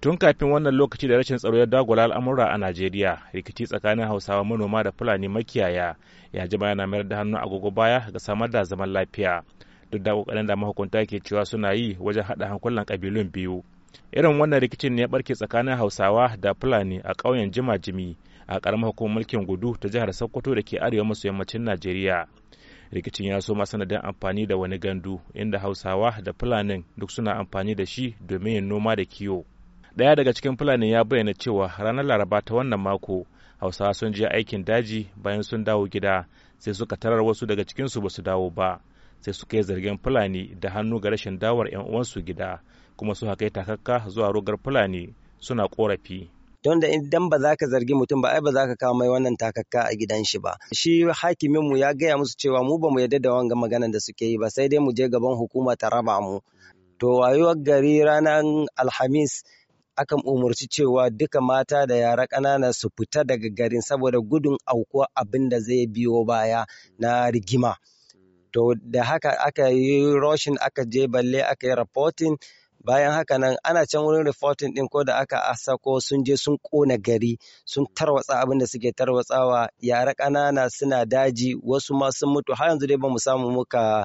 tun kafin wannan lokaci da rashin tsaro ya dagula al'amura a najeriya rikici tsakanin hausawa manoma da fulani makiyaya ya jima yana mayar da hannu agogo baya ga samar da zaman lafiya duk da kokarin da mahukunta ke cewa suna yi wajen haɗa hankulan kabilun biyu irin wannan rikicin ne ya barke tsakanin hausawa da fulani a ƙauyen jimajimi a ƙaramar hukumar mulkin gudu ta jihar sokoto da ke arewa maso yammacin najeriya rikicin ya so soma sanadin amfani da wani gandu inda hausawa da fulanin duk suna amfani da shi domin yin noma da kiwo daya daga cikin Fulani ya bayyana cewa ranar Laraba ta wannan mako Hausawa sun je aikin daji bayan sun dawo gida sai suka tarar wasu daga cikinsu ba su dawo ba. Sai suka yi zargin Fulani da hannu ga rashin dawar 'yan uwansu gida kuma su haka takakka zuwa rogar Fulani suna korafi. don da idan ba za ka zargi mutum ba ai ba za ka kawo mai wannan takakka a gidan shi ba shi hakimin mu ya gaya musu cewa mu ba mu yadda da wanga magana da suke yi ba sai dai mu je gaban hukuma ta raba mu to wayuwar gari ranar alhamis akan umarci cewa duka mata da yara ƙanana su fita daga garin saboda gudun aukuwa abin da zai biyo baya na rigima. To da haka aka yi rushin aka je balle aka yi reporting bayan haka nan ana can wurin reporting din ko da aka asako sun je sun kona gari sun tarwatsa abin da suke tarwatsawa yara ƙanana suna daji wasu ma sun mutu har yanzu dai ba mu samu muka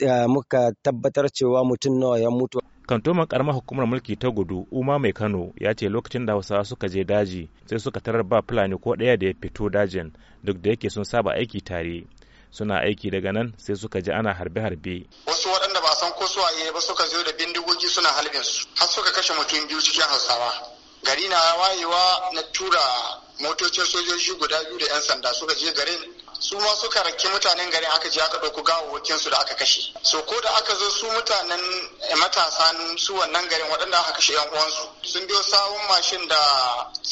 eh, tabbatar cewa mutum nawa ya mutu. kantomin karamar hukumar mulki ta gudu uma mai kano ya ce lokacin da hausawa suka je daji sai suka tarar ba fulani ko ɗaya da ya fito dajin duk da yake sun saba aiki tare suna aiki daga nan sai suka ji ana harbe-harbe wasu waɗanda ba san ko suwa ba suka zo da bindigogi suna halbin su har suka kashe mutum biyu cikin hausawa gari na wayewa na tura motocin sojoji guda biyu da 'yan sanda suka je garin su ma suka rake mutanen garin aka je aka ɗauko gawawwakin su da aka kashe so ko da aka zo su mutanen eh, matasa su wannan garin waɗanda aka kashe yan uwansu sun biyo sawun mashin da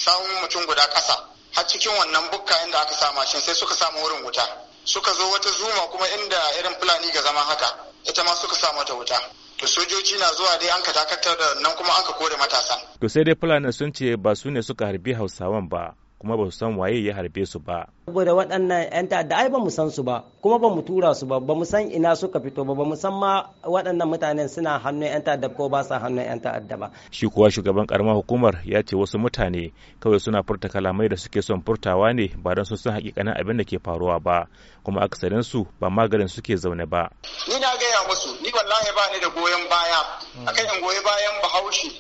sawun mutum guda ƙasa har cikin wannan bukka inda aka sa mashin sai suka samu wurin wuta suka zo wata zuma kuma inda irin fulani ga zama haka ita ma suka sa wata wuta to sojoji na zuwa dai an ka dakatar da nan kuma an ka kore matasan to sai dai fulani sun ce ba su ne suka harbi hausawan ba kuma ba su san waye ya harbe su ba. Saboda waɗannan 'yan ta'adda ai ba mu san su ba kuma ba mu tura su ba ba mu san ina suka fito ba ba mu san ma waɗannan mutanen suna hannun 'yan ta'adda ko ba sa hannun 'yan ta'adda ba. Shi kuwa shugaban karamar hukumar ya ce wasu mutane kawai suna furta kalamai da suke son furtawa ne ba don su san hakikanin abin da ke faruwa ba kuma akasarin su ba maganin suke zaune ba. Ni na gaya musu ni wallahi ba ni da goyon baya akan in goyi bayan bahaushe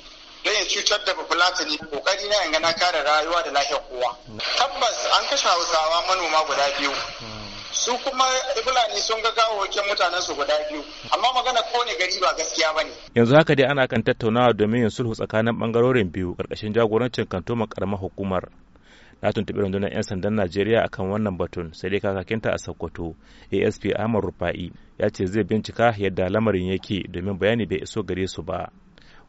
ya cutar da bafulatani kokari na yanga na kare rayuwa da lafiyar kowa tabbas an kashe hausawa manoma guda biyu su kuma fulani sun ga gawawakin mutanen su guda biyu amma magana kowane gari ba gaskiya ba ne yanzu haka dai ana kan tattaunawa domin yin sulhu tsakanin bangarorin biyu karkashin jagorancin kantoma karamar hukumar na tuntuɓi rundunar 'yan sandan najeriya akan wannan batun sai dai kakakinta a sokoto asp ahmad rufa'i ya ce zai bincika yadda lamarin yake domin bayani bai iso gare su ba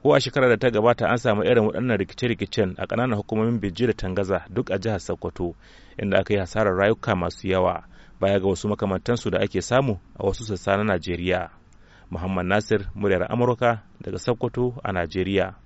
ko a shekarar da ta gabata an samu irin waɗannan rikice-rikicen a ƙananan hukumomin bijji da tangaza duk a jihar sokoto inda aka yi hasarar rayuka masu yawa baya ga wasu makamantansu da ake samu a wasu sassa na najeriya muhammad nasir muryar amurka daga sokoto a najeriya